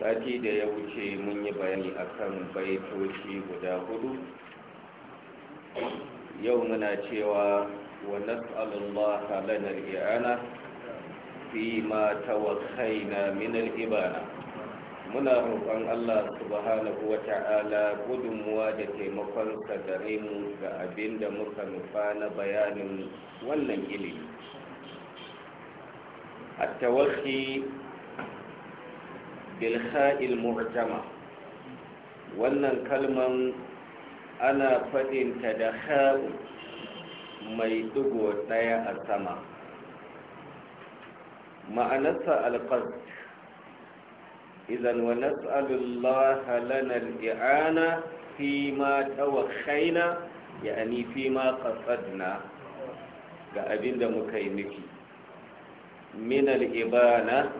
sati da ya wuce mun yi bayani akan baitoci guda hudu yau muna cewa wa nas'alullaha lana al-i'ana fi ma tawakkaina min al-ibana muna roƙon Allah subhanahu wa ta'ala gudunmuwa da taimakon gare mu ga abin da muka nufa na bayanin wannan ilimi a tawarki. bilha'il mu'jama wannan kalman ana faɗinta da ha'u mai dugo ɗaya a sama ma'anarsa alƙas idan wa nas'alullaha lana al'i'ana fi ma tawakhaina fi ma qasadna ga abinda muka yi miki min al'ibana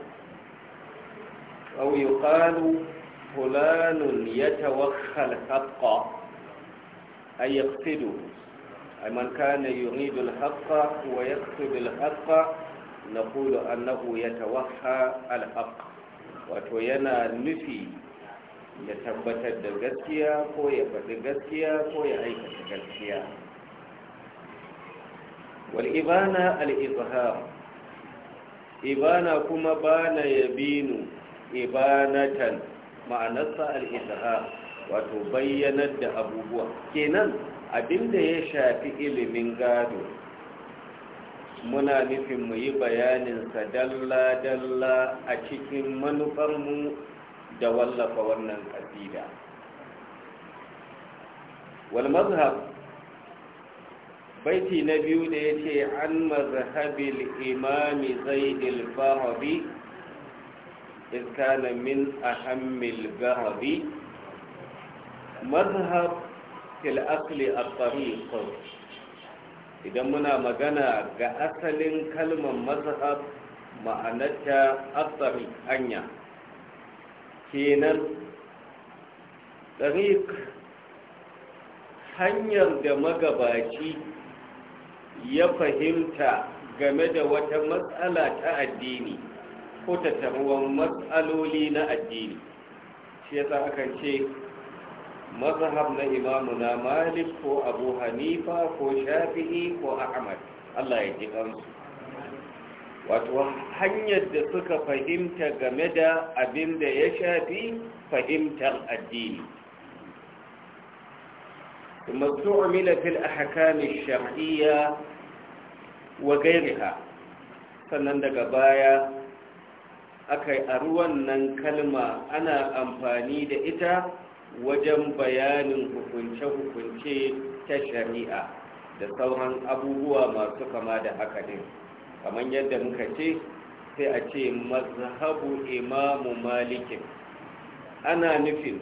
أو يقال فلان يتوخى الحق أي يقصد أي من كان يريد الحق ويقصد الحق نقول أنه يتوخى الحق وتوينا نفي يثبت الدغسيا هو يبدغسيا هو يعيك الدغسيا والإبانة الإظهار إبانة كما بان يبينه ibanatan ma'anarsa al'izhar wato bayyanar da abubuwa kenan abinda ya shafi ilimin gado muna nufin mu yi bayaninsa dalla-dalla a cikin manufar mu da wallafa wannan ƙasida wal mazhab baiti na biyu da ya ce an mazhabil imami zaidil fahabi إذ كان من أهم الذهب مذهب في الأقل الطريق إذا منا magana ga كلمة مذهب mazhab ma'anarta asari hanya kenan tariq hanyar da magabaci ya fahimta game da wata matsala ta addini ko tattaruwan matsaloli na addini shi yasa aka ce mazhab na na malik ko abu hanifa ko shafi'i ko ahmad allah ya ji kansu wato hanyar da suka fahimta game da abin da ya shafi fahimtar addini ثم a في shari'a الشرعية وغيرها sannan daga baya Akai yi a nan kalma ana amfani da ita wajen bayanin hukunce-hukunce ta shari'a da sauran abubuwa masu kama da haka kamar yadda muka ce sai a ce mazhabu imamu malikin ana nufin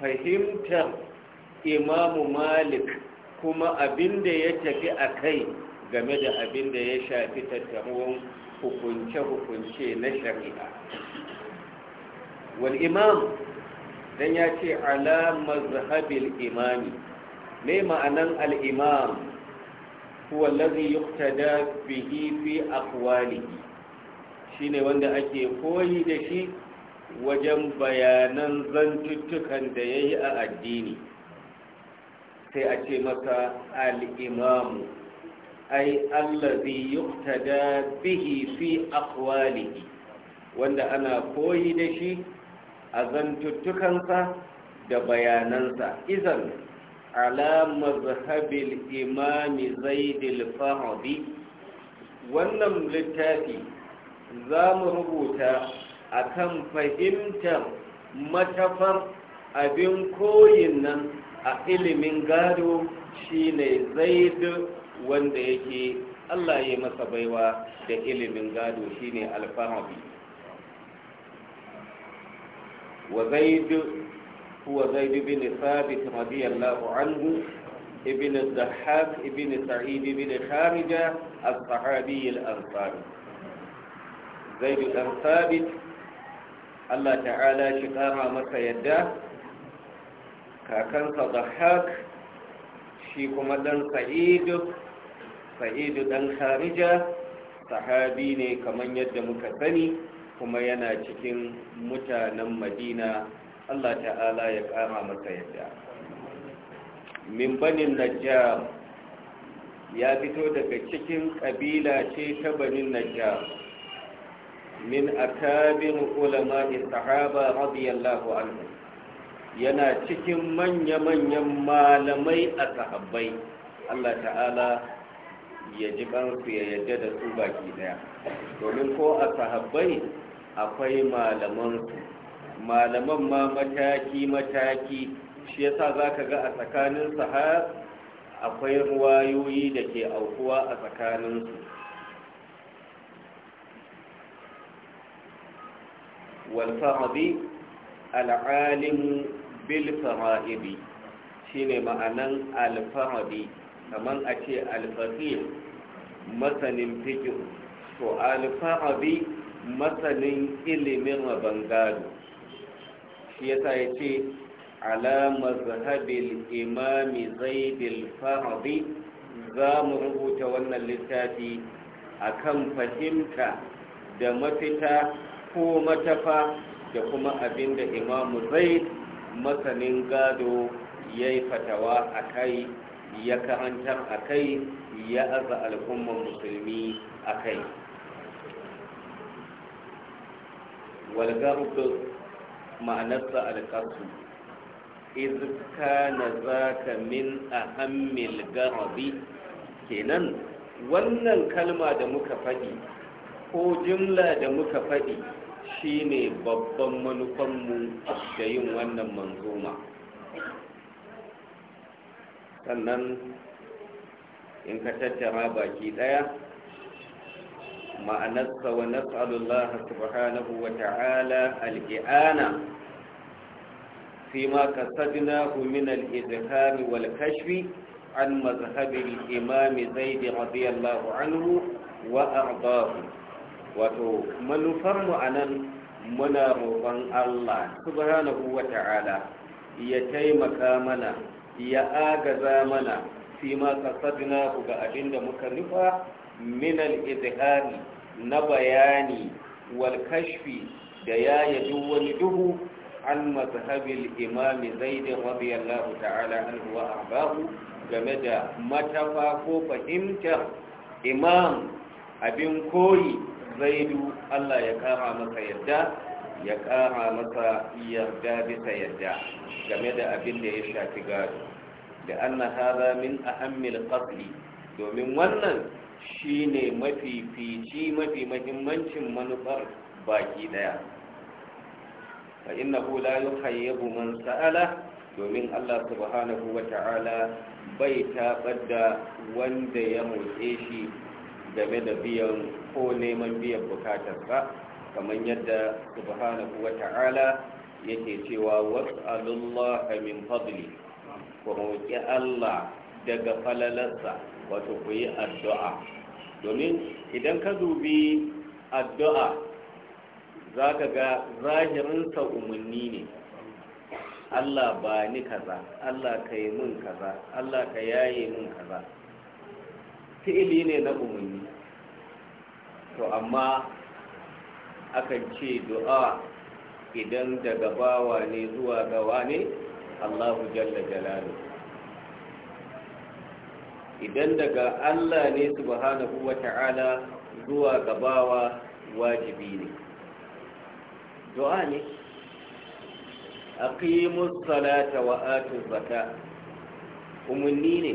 fahimtar imamu malik kuma abinda ya tafi a kai game da abinda ya shafi tattaruwan hukunce-hukunce na shari'a wal imam dan ya ce ala mazhabil imami me ma'anan alimam imam huwa allazi yuqtada bihi fi Shi shine wanda ake koyi da shi wajen bayanan zantuttukan da ya yi a addini sai a ce masa al'imamu. ai allazi yuqtada bihi fi aqwalihi wanda ana koyi da shi a zantuttukansa da bayanansa izan ala mazhabil imami zaidil fahadi wannan littafi za mu rubuta kan fahimtar matafar abin koyin nan a ilimin gado shine zaidu wanda yake Allah ya masa baiwa da ilimin gado shine alfahabi wa zaid huwa zaid bin thabit radiyallahu anhu ibn al-dhahhak ibn sa'id ibn kharija as-sahabi al-ansari zaid bin thabit Allah ta'ala shi kara masa yadda kakansa dhahhak shi kuma dan sa'id sa'idu dan harija sahabi ne kamar yadda muka sani kuma yana cikin mutanen madina allah ta'ala ya kara masa yadda min banin najjar ya fito daga cikin kabila ce ta banin najjar min akabir ulama sahaba radiyallahu anhu yana cikin manya-manyan malamai a sahabbai Allah ta'ala ya ji ya yadda da su baki daya domin ko a sahabbai akwai malamansu malaman ma mataki-mataki shi yasa za ka ga a tsakanin sahar akwai ruwayoyi da ke aukuwa a tsakaninsu walfarabi al'alimu bilfara'ibi shi ne ma'anan alfahabi kamar a ce alfahim masanin fikin to alfa'abi masanin ilimin rabon gado shi yasa ya ce ala imami zaidil fa'abi za mu rubuta wannan littafi akan fahimta da mafita ko matafa da kuma abin da imamu zaid masanin gado ya yi fatawa a kai ya karantar a kai ya aza al'ummar musulmi a kai walgarubus ma'anarsa alƙarsu izka na za ka min a hamil garabi kenan wannan kalma da muka faɗi ko jimla da muka faɗi shine babban manufanmu da yin wannan manzoma sannan in ka tattara baki daya ma'anarsa wa nas'alullaha subhanahu wa ta'ala al-i'ana fima kasadnahu min al-izhar wal kashf an mazhab al-imam zaid radiyallahu anhu wa ardahu wato manufar mu anan muna roƙon Allah subhanahu wa ta'ala ya taimaka mana ya agaza mana fi ma kasadna ga abin da muka nufa minal izhari na bayani wal kashfi da yaya duk wani duhu an mazhabil imam zaid radiyallahu ta'ala anhu wa ahbahu game da matafa ko fahimtar imam abin koyi zaidu Allah ya kara masa yadda ya kara masa yarda bisa yadda game da abin da ya shafi gado da anna hada min ahammil qasdi domin wannan shine mafi fici mafi mahimmancin manufar baki daya fa innahu la yuhayyibu man sa'ala domin Allah subhanahu wata'ala bai tabar da wanda ya motse shi game da biyan ko neman biyan bukatarsa kamar yadda subhanahu wata'ala yake cewa was'alullaha min fadli ku roƙi Allah daga falalarsa wato ku yi addu'a domin idan ka dubi addu'a za ka ga zahirinsa umarni ne Allah ba ni kaza Allah ka yi mun kaza Allah ka yaye mun kaza fi'ili ne na umarni to amma akan ce du'a idan daga bawa ne zuwa gawa ne Allahu jalla jalalu idan daga Allah ne subhanahu wa ta'ala zuwa gabawa wajibi ne du'a ne aqimus salata wa atuz zakat umunni ne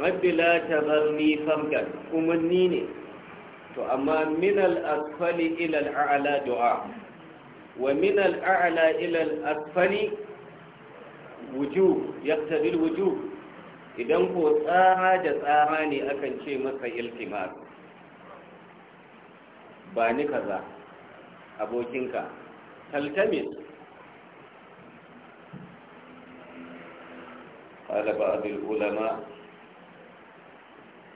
rabbi la tazarni famkan umunni ne to amma min al-asfali ila al-a'la du'a ومن الأعلى إلى الأسفل وجوب يقتضي الوجوب idan ko tsara da tsara ne akan ce masa iltimar ba ni kaza abokinka taltamin ƙala ba abin ulama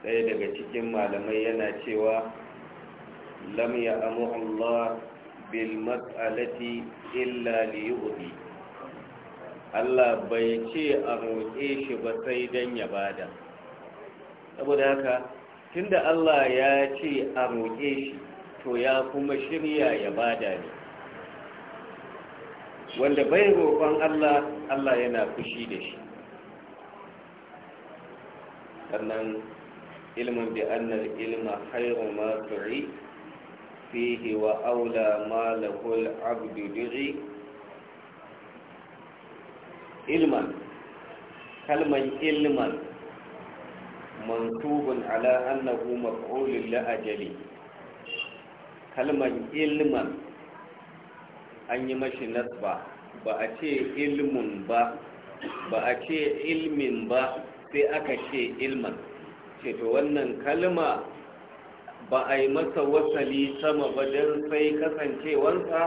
ɗaya daga cikin malamai yana cewa lamya amu Allah بالمسألة illa ليؤذي Allah bai ce a roƙe shi ba sai don ya bada saboda haka tunda Allah ya ce a roƙe shi to ya kuma shirya ya bada ne wanda bai roƙon Allah Allah yana fushi da shi sannan ilmin bi annal ilma khairu ma فيه وأولى ما له العبد دعي علما كلمة علما منصوب على أنه مفعول لأجل كلمة علما an yi mashi nasba ba a ce ilmin ba ba a ce sai aka ce ilman ce to wannan kalma ba a yi masa wasali sama ba don sai kasancewarsa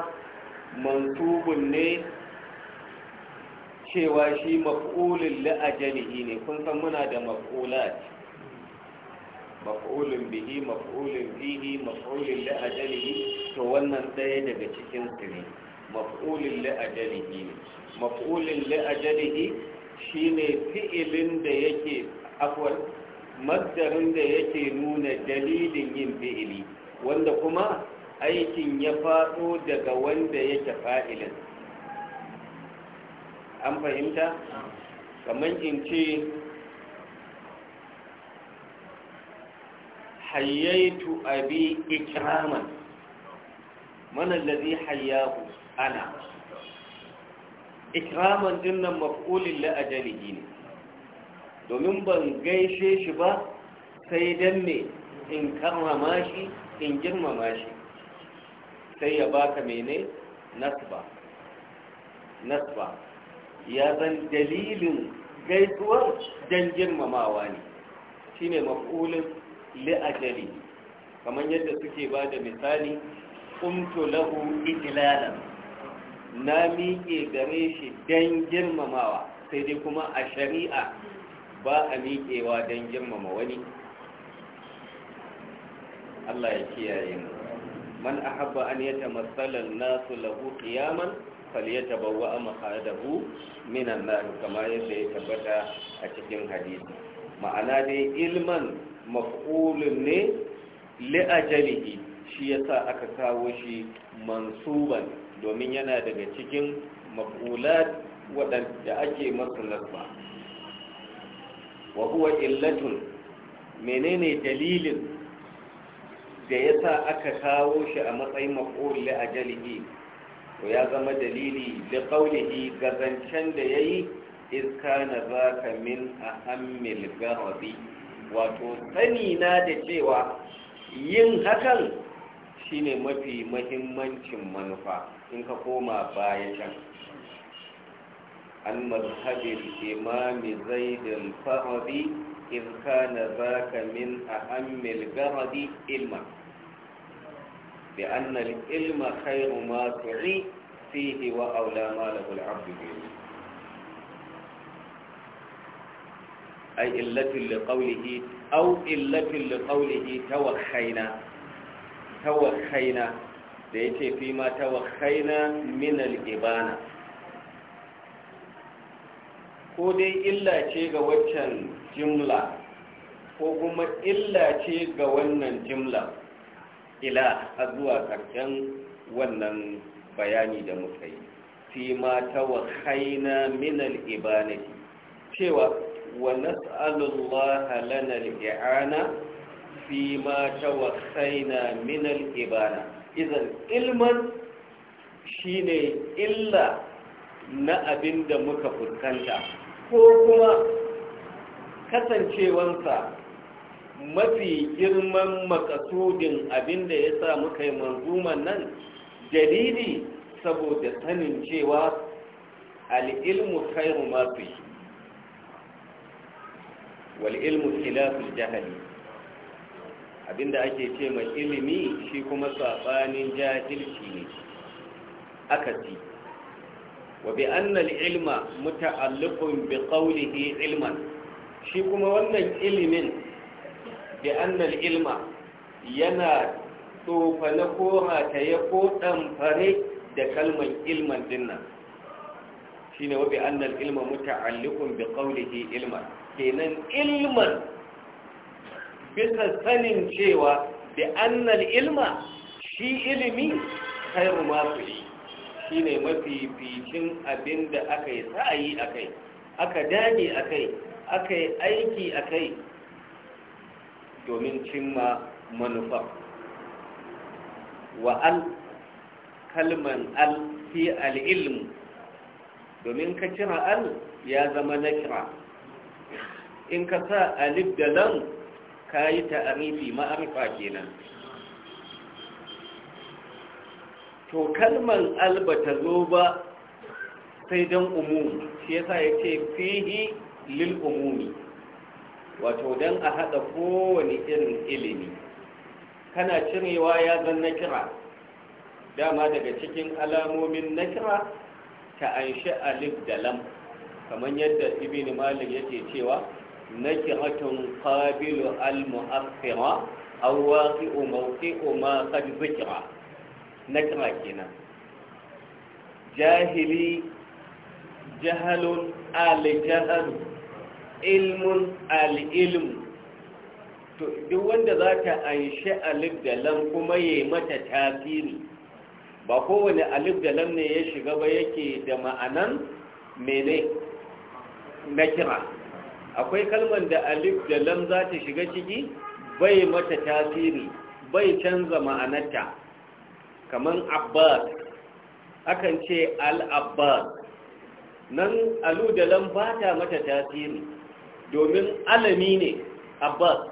mantubun ne cewa shi maf'ulin la'ajalihi ne kun san muna da maf'ulat Maf'ulin bihi maf'ulin bihi maf'ulin la'ajalihi to wannan ɗaya daga cikin su ne maf'ulun la'ajalihi ne maf'ulun la'ajalihi shine fi'ilin da yake afwan masdarin da yake nuna dalilin yin fi'ili wanda kuma aikin ya faɗo daga wanda yake fa'ilin an fahimta kamar in ce hayyaitu abi ikraman man allazi hayyahu ana ikraman dinnan maf'ulin la ne domin ban gaishe shi ba sai dan me in karrama shi in girmama shi sai ya baka mene nasba nasba ya zan dalilin gaisuwar dan girmamawa ne shine maf'ulun li'ajali kamar yadda suke ba da misali kuntu lahu ijlalan na miƙe gare shi dan girmamawa sai dai kuma a shari'a ba a miƙewa don girmama wani Allah ya kiyaye mu man ahabba an yatamassala an-nasu lahu qiyaman falyatabawwa maq'adahu min an-nar kama yadda ya tabbata a cikin hadisi ma'ana dai ilman maf'ulun ne li ajalihi shi yasa aka kawo shi mansuban domin yana daga cikin maf'ulat waɗanda ake masu nasba wa huwa illatun menene dalilin da ya sa aka kawo shi a matsayin maƙoli li ajalihi to ya zama dalili da qawlihi ga zancen da yayi iz kana zaka min ahammil garabi wato sani na da cewa yin hakan shine mafi mahimmancin manufa in ka koma bayan can عن مذهب الإمام زيد الفرد إذ كان ذاك من أهم الجرد علما لأن العلم خير ما تعي فيه وأولى ما له العبد به أي إلة لقوله أو إلة لقوله توخينا توخينا ليتي فيما توخينا من الإبانة ko dai illa ce ga waccan jimla ko kuma illa ce ga wannan jimla ila a zuwa karshen wannan bayani da muka yi fi ma ta haina minal ibanati cewa wa nas'alullaha lana al-i'ana fi ma ta wahaina minal ibana idan ilman shine illa na abin da muka fuskanta ko kuma kasancewansa mafi girman makasudin abinda ya sa muka yi manzuman nan dalili saboda sanin cewa al'ilmu khairu mafi wal'ilmu khilafin jahali abinda ake ce mai ilimi shi kuma saɓanin jahilci ne aka ce wa bi annal ilma muta'alliqun bi qawlihi ilman shi kuma wannan ilimin bi annal ilma yana tsofane ko rataye ko ɗamfare da kalman ilman dinnan shi ne wa bi annal ilma muta'alliqun bi qawlihi ilman kenan ilman bisa sanin cewa ilma shi ilimi khairu shine mafificin abin da aka yi sa'ayi a aka dage akai kai aiki akai kai domin cimma manufa wa al kalman al fi ilm domin ka cira al ya zama nakira in ka sa alif da lam kayi yi ta'arifi ma'arifa kenan to kalmar alba ta zo ba sai don umumi shi yasa ya ce fihi lil umumi wato don a haɗa kowane irin ilimi kana cirewa ya zan na kira dama daga cikin alamomin na kira ta an alif da lam kamar yadda ibini malin yake cewa na kira tun ƙabilu al-mu'affira aw waqi'u mawqi'u ma qad zikra Na kira kenan jahili jahalun alijahalu ilmun al'ilmu to duk wanda za ta anshi alif da lam kuma ya mata tasiri ba kowane alif da lam ne ya shiga ba yake da ma'anan mene na kira akwai kalmar da alif da lam za ta shiga ciki bai mata tasiri bai canza ma'anarta kaman abbas akan ce al-abbas nan alu da lam ba ta mata tasiri domin alami ne abbas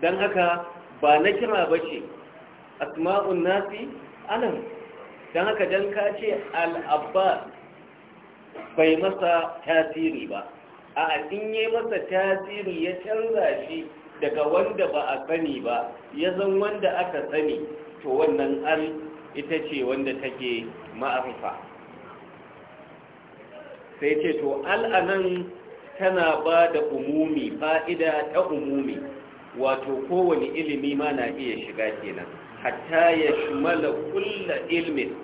don haka ba na kira ba ce asma'un nasi alam don haka don ka ce al-abbas bai masa tasiri ba a in ya masa tasiri ya canza shi daga wanda ba a sani ba ya zan wanda aka sani to wannan al ita ce wanda take ma'arufa sai ce to al'anan tana ba da umumi fa'ida ta umumi wato kowane ilimi ma na iya shiga kenan hatta ya shimala kulla ilmin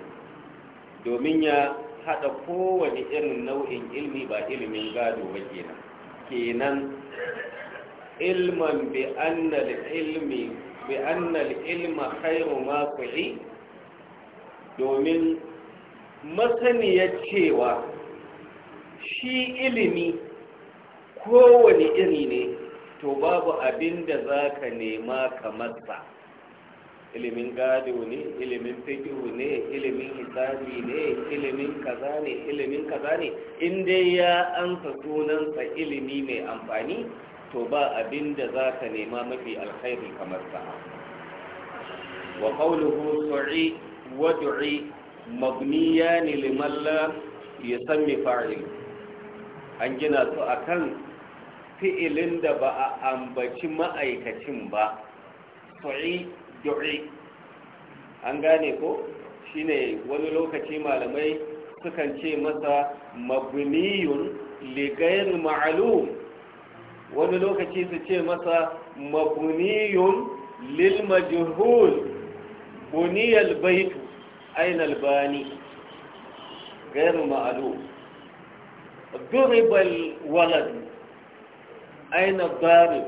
domin ya haɗa kowane irin nau'in ilmi ba ilimin gado ba kenan kenan ilman bi annal ilmi bi annal ilma khairu ma ku'i domin masaniyar cewa shi ilimi kowane iri ne to babu abin da za ka nema sa ilimin gado ne ilimin fikihu ne ilimin hisabi ne ilimin kaza ne ilimin kaza ne inda ya ansa sunansa ilimi mai amfani to ba abin da za ka nema mafi alkhairi kamar sa wa kauluhu su'i wa du'i mabniyan liman la fa'il an gina su akan fi'ilin da ba a ambaci ma'aikacin ba su'i du'i an gane ko shine wani lokaci malamai sukan ce masa mabniyun li ghayr wani lokaci su ce masa mabuniyun lil majhul buniyal baitu aina albani غير معلوم ضرب الولد أين الضارب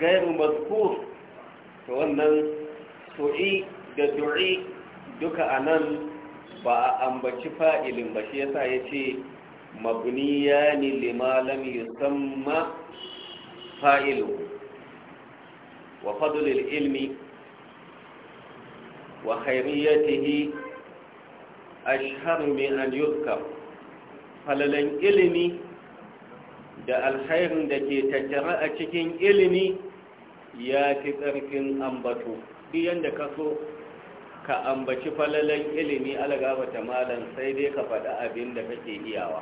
غير مذكور wannan su'i da du'i duka anan ba a ambaci fa'ilin ba shi yasa ya ce mabniya ne limalam yusamma فائله وفضل العلم وخيريته أشهر من أن يذكر falalin ilimi da alkhairin da ke tattara a cikin ilimi ya fi tsarkin ambato biyan da ka so ka ambaci falalan ilimi algabata malam sai dai ka faɗi abin da kake iyawa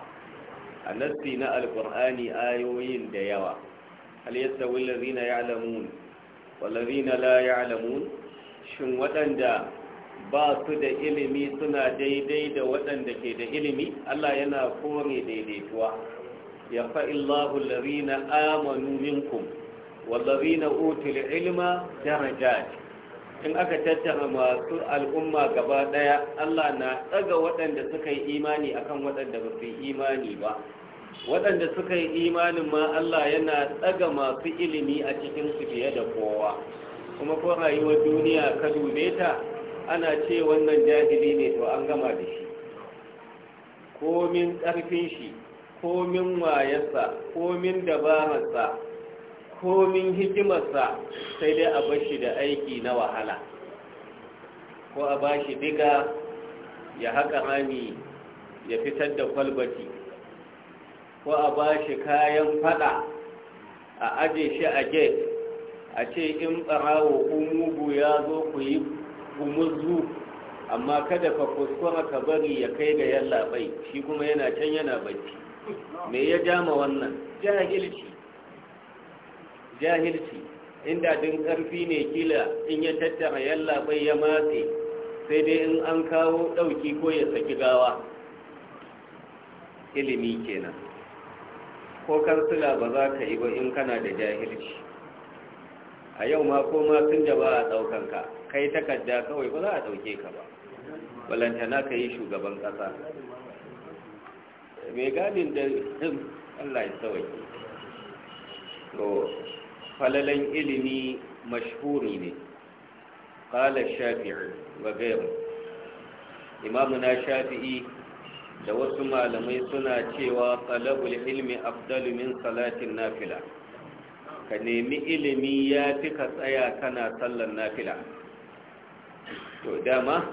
a nassi na alkur'ani ayoyin da yawa hal yastawi allazina ya'lamun la ya'lamun shin waɗanda ba su da ilimi suna daidai da waɗanda ke da ilimi Allah yana kore daidaituwa ya fa'illahu allazina amanu minkum wallazina utul ilma darajat in aka tattara masu al'umma gaba ɗaya Allah na ɗaga waɗanda suka yi imani akan waɗanda ba su yi imani ba waɗanda suka yi imanin ma Allah yana tsaga masu ilimi a cikin su fiye da kowa kuma ko rayuwar duniya ka dube ta ana ce wannan jahili ne to an gama da shi komin ƙarfin shi komin wayarsa komin dabararsa komin hikimarsa sai dai a bashi da aiki na wahala ko a bashi diga ya haƙa rami ya fitar da kwalbati ko a ba shi kayan fada a aje shi a get a ce in barawo ko mugu ya zo ku yi gumurzu amma kada ka kuskura ka bari ya kai ga yalla bai shi kuma yana can yana bacci me ya jama wannan jahilci jahilci inda din karfi ne kila in ya tattara yalla bai ya matse sai dai in an kawo ɗauki ko ya saki gawa ilimi kenan ko kansila ba za ka yi ba in kana da jahilci a yau ma ko ma sun jaba a daukan kai takarda kawai ba za a dauke ka ba balantana ka yi shugaban kasa mai gadin da Allah ya sauke to falalan ilimi mashhuri ne qala shafi'i wa ghayru imamuna shafi'i da wasu malamai suna cewa talabul ilmi afdalu min salatin nafila ka nemi ilimi ya fi ka tsaya kana sallan nafila to dama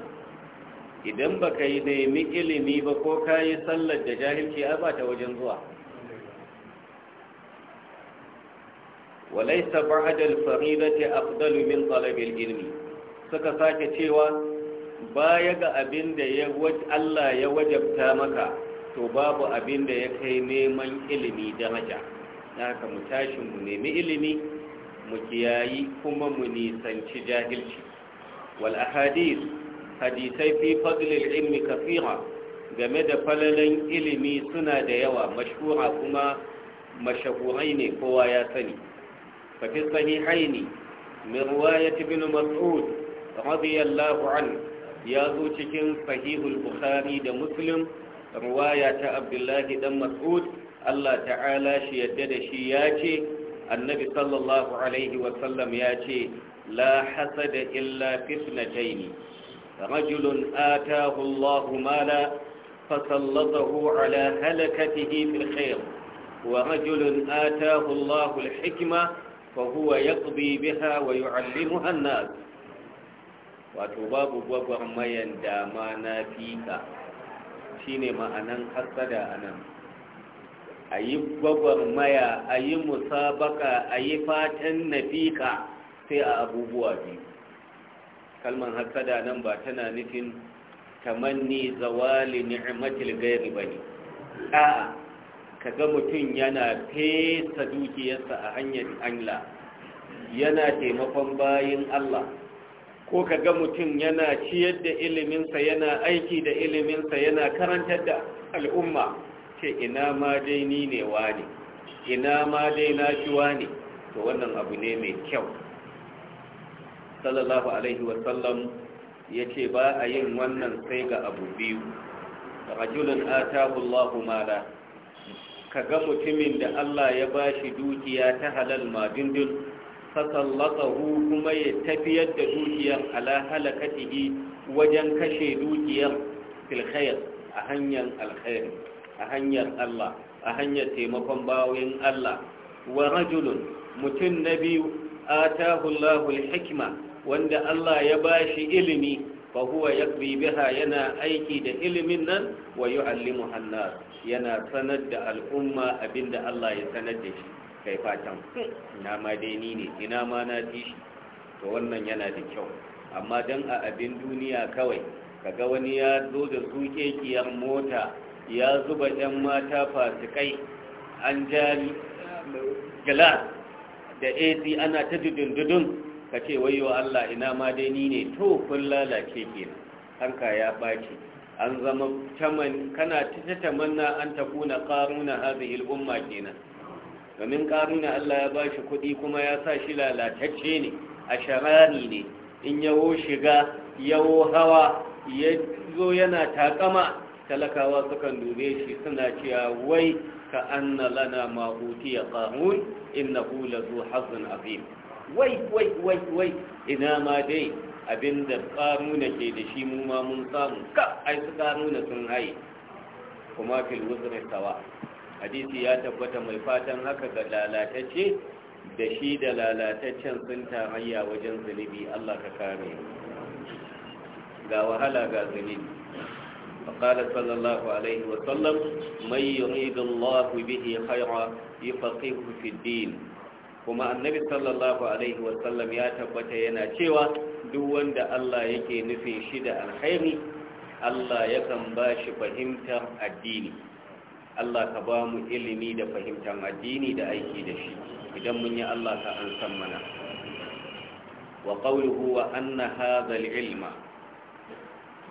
idan ba ka yi nemi ilimi ba ko ka yi sallar da jahilci a ba ta wajen zuwa walaisa ba'adal faridati afdalu min talabil ilmi suka sake cewa baya ga abin da Allah ya wajabta maka to babu abin da ya kai neman ilimi daraja na haka mu tashi mu nemi ilimi mu kiyayi kuma mu nisanci jahilci wal ahadith hadisai fi fadlil ilmi kafira game da falalan ilimi suna da yawa mashhura kuma mashahurai ne kowa ya sani fa fi sahihaini min riwayat ibn mas'ud radiyallahu anhu ya zo cikin fahihul bukhari da muslim ruwaya ta abdullahi dan mas'ud Allah ta'ala shi yadda da shi ya ce annabi sallallahu alaihi wasallam ya ce la hasada illa fitnatayn rajulun atahu Allahu mala fasallatahu ala halakatihi fil khair ورجل آتاه الله الحكمة فهو يقضي بها ويعلمها nas. wato babu gwagwarmayan dama na fika shine ma'anan da anan a yi gwagwarmaya a yi musabaka a yi fatan na fika sai a abubuwa biyu kalman hasada nan ba tana nufin tamanni zawali ni'matil gairi bane a'a kaga mutum yana fesa dukiyarsa a hanyar anla. yana taimakon bayin Allah ko ka ga mutum yana ciyar da iliminsa yana aiki da iliminsa yana karantar da al'umma ce ina ma dai ni ne wani ina ma dai na fi wani to wannan abu ne mai kyau sallallahu alaihi wasallam ya ce ba a yin wannan sai ga abu biyu rajulun atahu Allahu mala ka ga mutumin da Allah ya bashi dukiya ta halal ma dindin fasallatahu kuma ya tafiyar da dukiyar ala halakatihi wajen kashe dukiyar fil a hanyar alkhair a hanyar Allah a hanyar taimakon bawoyin Allah wa rajulun mutum na biyu a Allahu hikma wanda Allah ya ba shi ilimi fa huwa biha yana aiki da ilimin nan wa yu'allimu hannar yana sanar da al'umma abinda Allah ya sanar da shi kai fatan ina ma dai ni ne ina ma na fi to wannan yana da kyau amma don a abin duniya kawai kaga wani ya zo da su kekiyar mota ya zuba 'yan mata fasikai an jari glass da ac ana ta dudundudun ka ce wayo allah ina ma dai ni ne to kun lalace kenan hanka ya ɓaci an zama kana ta tamanna an ta kuna ƙaruna hazihil umma kenan domin karuna Allah ya ba shi kuɗi kuma ya sa shi lalatacce ne a sharari ne in yawo shiga yawo hawa ya zo yana takama talakawa sukan dube shi suna cewa wai ka anna lana ma in na hula zo hazin abin wai wai wai wai ina ma dai abin abinda ƙaruna ke da shi mu ma mun samu ka ai su ƙaruna sun haye kuma fil tawa. hadisi ya tabbata mai fatan haka ga lalatacce da shi da lalataccen sun tarayya wajen zunubi Allah ka kare ga wahala ga zunubi فقال صلى الله عليه وسلم من يريد bihi به yi يفقهه في الدين kuma annabi sallallahu alaihi wasallam ya tabbata yana cewa duk wanda Allah yake nufin shi da alkhairi Allah ya kan ba shi fahimtar addini Allah ka ba mu ilimi da fahimtar addini da aiki da shi idan mun yi Allah ka an san mana wa qawluhu wa anna hadha al-ilma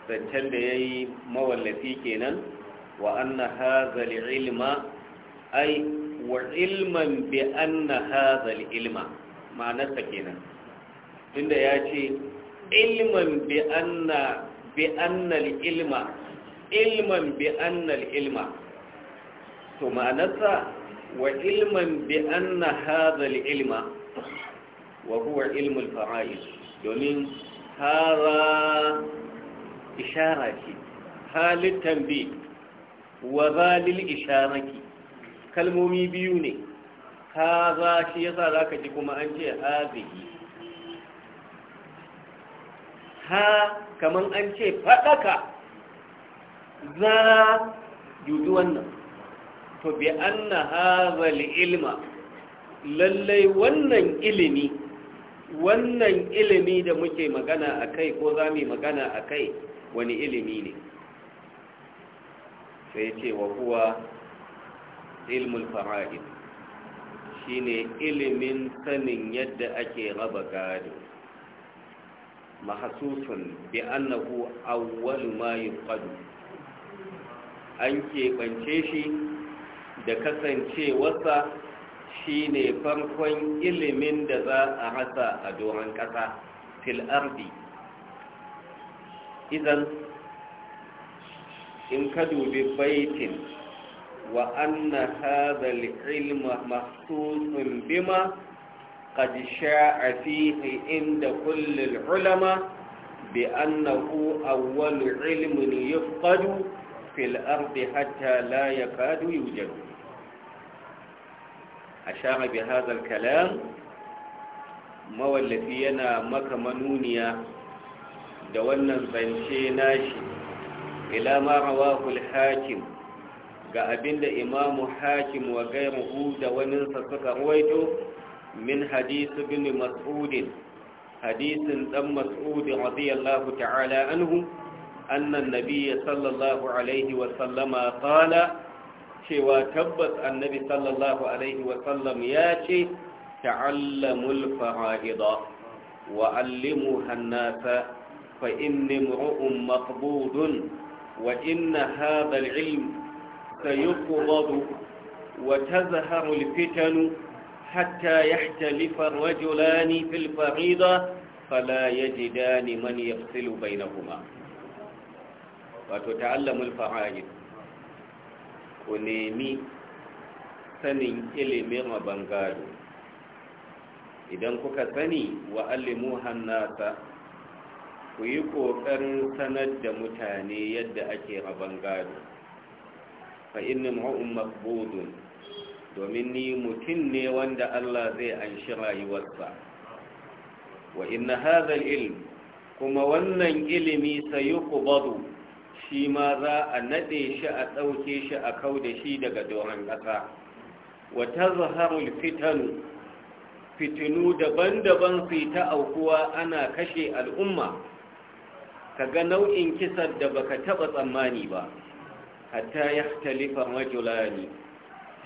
zancen da yayi mawallafi kenan wa anna hadha al-ilma ay wa ilman bi anna hadha al-ilma ma'anarsa kenan tunda ya ce ilman bi anna bi anna al-ilma ilman bi anna al-ilma to ma'anarsa wa ilman bi na hadha ilma wa huwa ilmul fara'id domin hara ishara ce halin tambi wa zalil isharaki kalmomi biyu ne haza shi yasa zaka ji kuma an ce hazihi ha kamar an ce faɗaka. za yudu wannan to bi anna hadha ilma lallai wannan ilimi wannan ilimi da muke magana akai ko zamu magana akai wani ilimi ne sai ce wa huwa ilmul fara'id shine ilimin sanin yadda ake raba gado mahasusun bi annahu awwal ma yuqadu an keɓance shi da kasancewarsa shine farkon ilimin da za a rasa a doron ƙasa fil ardi in ka dubi baitin wa anna hadha mahsusun bima qad sha'a fihi inda kulli al-ulama bi annahu awwal ilmin yufqadu fil ardi hatta la yakadu yujadu ashara bi hadhal kalam mawallafi yana maka manuniya da wannan zance nashi ila ma rawahu hakim ga abinda imamu hakim wa gairuhu da waninsa suka ruwaito min hadith ibn mas'ud hadisin dan mas'ud radiyallahu ta'ala anhu anna an-nabiy sallallahu wa sallama cewa tabbas annabi sallallahu alaihi wasallam ya ce ta'allamul fara'ida wa allimu hannasa fa inni mur'un maqbudun wa inna hadha al-ilm sayuqbadu wa tazharu al-fitan hatta yahtalifa ar-rajulani fil farida fala yajidani man yafsilu bainahuma wato ta'allamul fara'id ku nemi sanin ilimin gado idan kuka sani wa alimu hannasa ku yi ƙoƙarin sanar da mutane yadda ake rabangado fa innin ra'un makbudun domin ni mutum ne wanda Allah zai anshi rayuwarsa wa inna hazal ilm kuma wannan ilimi sayuqbadu shi ma za a naɗe shi a ɗauke shi a kau da shi daga doron ƙasa wata zaharul fitanu fitinu daban-daban su ta aukuwa ana kashe al'umma Ka ga nau'in kisar da baka taɓa tsammani ba hatta ya talifa majulani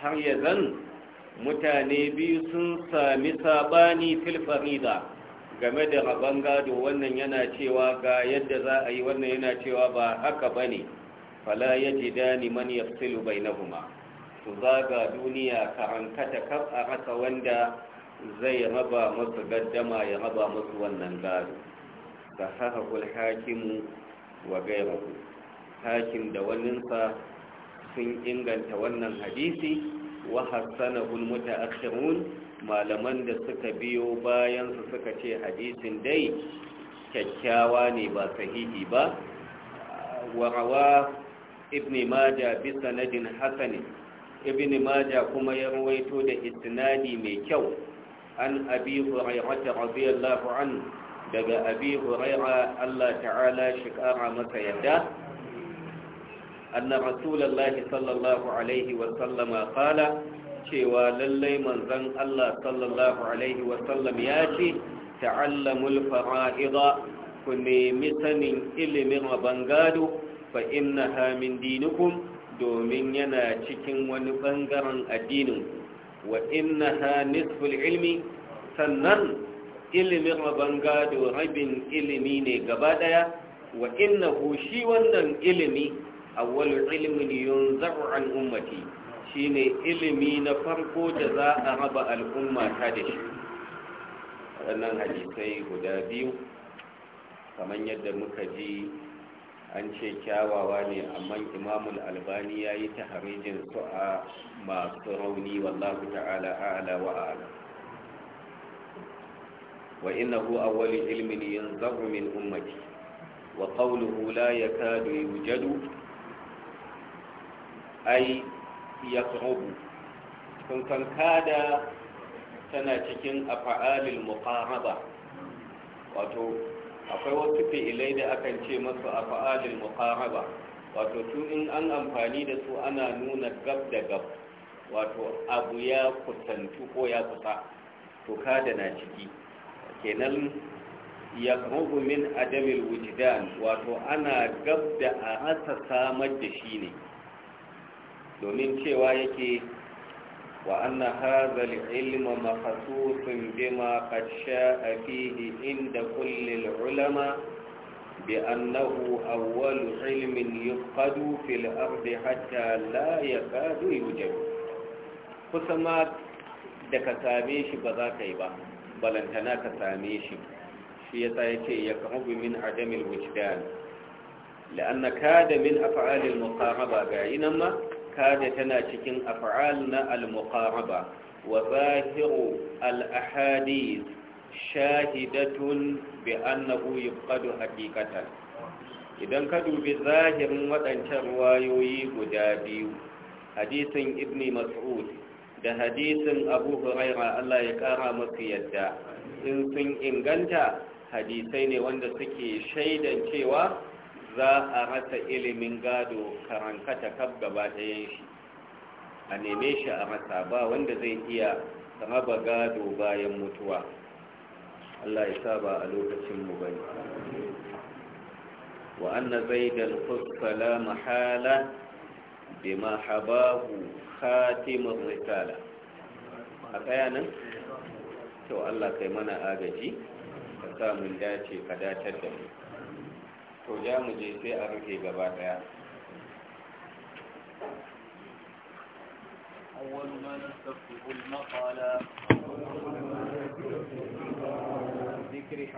har ya zan mutane biyu sun sami saɓani filfarida game da rabon gado wannan yana cewa ga yadda za a yi wannan yana cewa ba haka ba ne fala ya ji dani man ya fitilu bai na huma su zaga duniya ka karankata kaf a haka wanda zai raba masu gaddama ya raba masu wannan gado da harakul hakimu wa gairahu hakim da waninsa sun inganta wannan hadisi wa hassanahul mutaakhirun malaman da suka biyo bayan su suka ce hadisin dai kyakkyawa ne ba sahihi ba warawa ibn maja bi sanadin hasani ibn maja kuma ya rawaito da istinadi mai kyau an abi hurairata radiyallahu anhu daga abi huraira Allah ta'ala shi kara masa yadda anna rasulullahi sallallahu alaihi wa sallama qala cewa lallai manzon Allah sallallahu alaihi wasallam ya ce ta'allamul fara'ida ku nemi sanin ilimin rabangado fa innaha min dinikum domin yana cikin wani bangaren addinin wa ha nisful ilmi sannan ilimin rabangado rabin ilimi ne gaba daya wa innahu shi wannan ilimi awwalul ilmin yunzaru an ummati shine ilimi na farko da za a raba al'umma ta da shi waɗannan hadisai guda biyu kamar yadda muka ji an ce kyawawa ne amma imamul albani ya yi ta harijin su a masu rauni wallahu ta'ala ala wa ala wa innahu awwal ilmin yanzahu min ummati wa qawluhu la yakadu yujadu Ai. yaqrubu kun kan kada tana cikin af'alil muqaraba wato akwai wasu fi'ilai da akan ce masu af'alil muqaraba wato tun in an amfani da su ana nuna gab da gab wato abu ya kusantu ko ya kusa to kada na ciki kenan ya rubu min adamil wujidan wato ana gab da a rasa samar da shi ne domin cewa yake wa anna hadha al-ilma mahsusun bima qad sha'a fihi inda kulli al-ulama bi annahu awwal ilmin yuqadu fil ardi hatta la yakadu yujad kusan ma da ka same shi ba za ka yi ba balantana ka same shi shi ya sa yasa ya yaqrabu min adamil wujdan la'anna kada min af'alil muqaraba ga inan ma kada tana cikin af'al na al-muqaraba wa zahiru al-ahadith shahidatun bi annahu yubqadu haqiqatan idan ka dubi zahirin waɗancan ruwayoyi guda biyu hadisin ibni mas'ud da hadisin abu huraira Allah ya ƙara masu yadda in sun inganta hadisai ne wanda suke shaidan cewa za a rasa ilimin gado karankata kaf gaba ɗayan shi a neme shi a rasa ba wanda zai iya raba gado bayan mutuwa Allah ya saba a lokacinmu bane wa anna zaidan fuskala mahala bima habahu khatimur risala a tsaya nan to Allah kai mana agaji ka sa mun dace ka datar da mu to ya mu je sai a rufe gaba daya أول